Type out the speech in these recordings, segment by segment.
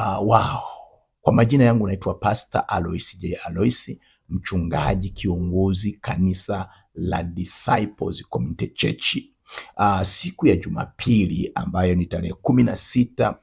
uh, ah, wao. Kwa majina yangu naitwa Pastor alois J. alois mchungaji kiongozi kanisa la Disciples Community Church. Uh, siku ya Jumapili ambayo ni tarehe kumi na sita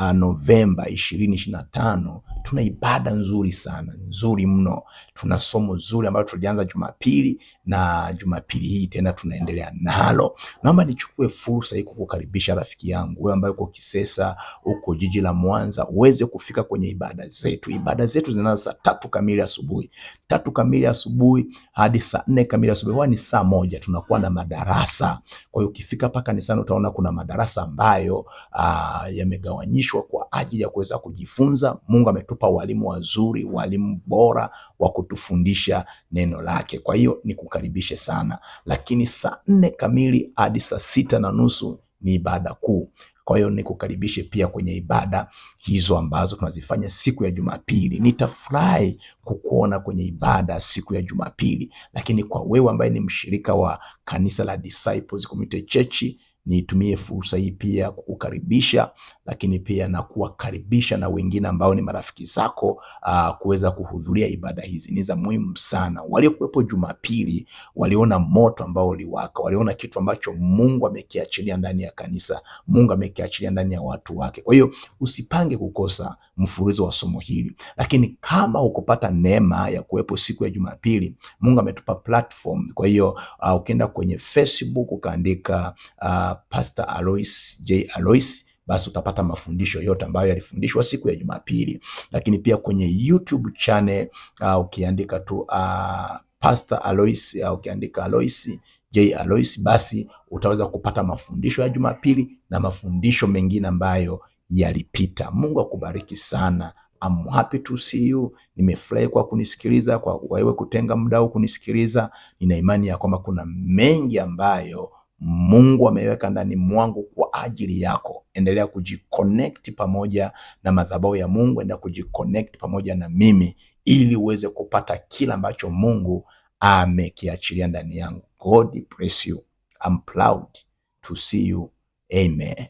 Uh, Novemba ishirini tano tuna ibada nzuri sana nzuri mno, tuna somo zuri ambalo tulianza Jumapili na Jumapili hii tena tunaendelea nalo. Naomba nichukue fursa hii kukukaribisha rafiki yangu wewe ambaye uko Kisesa, uko jiji la Mwanza, uweze kufika kwenye ibada zetu. Ibada zetu zinaanza saa tatu kamili asubuhi, tatu kamili asubuhi hadi saa nne kamili asubuhi, huwa ni saa moja tunakuwa na madarasa. Kwa hiyo ukifika paka ni sana, utaona kuna madarasa ambayo uh, yamegawanyika tumefanyishwa kwa ajili ya kuweza kujifunza. Mungu ametupa walimu wazuri, walimu bora wa kutufundisha neno lake. Kwa hiyo nikukaribishe sana, lakini saa nne kamili hadi saa sita na nusu ni ibada kuu. Kwa hiyo nikukaribishe pia kwenye ibada hizo ambazo tunazifanya siku ya Jumapili. Nitafurahi kukuona kwenye ibada siku ya Jumapili, lakini kwa wewe ambaye ni mshirika wa kanisa la Disciples Community Church nitumie fursa hii pia kukukaribisha, lakini pia na kuwakaribisha na wengine ambao ni marafiki zako uh, kuweza kuhudhuria ibada hizi. Ni za muhimu sana. Waliokuwepo Jumapili waliona moto ambao uliwaka, waliona kitu ambacho Mungu amekiachilia ndani ya kanisa, Mungu amekiachilia ndani ya watu wake. Kwa hiyo usipange kukosa mfululizo wa somo hili, lakini kama ukupata neema ya kuwepo siku ya Jumapili, Mungu ametupa platform. Kwa hiyo uh, ukienda kwenye Facebook ukaandika uh, Pastor Alois J Alois, basi utapata mafundisho yote ambayo yalifundishwa siku ya Jumapili, lakini pia kwenye YouTube channel uh, ukiandika tu uh, Pastor Alois au ah, ukiandika Alois J Alois, basi utaweza kupata mafundisho ya Jumapili na mafundisho mengine ambayo yalipita. Mungu akubariki sana. I'm happy to see you. Nimefurahi kwa kunisikiliza, kwa wewe kutenga muda huu kunisikiliza. Nina imani ya kwamba kuna mengi ambayo Mungu ameweka ndani mwangu kwa ajili yako. Endelea kujiconnect pamoja na madhabahu ya Mungu, endelea kujiconnect pamoja na mimi ili uweze kupata kila ambacho Mungu amekiachilia ndani yangu. God bless you. I'm proud to see you. Amen.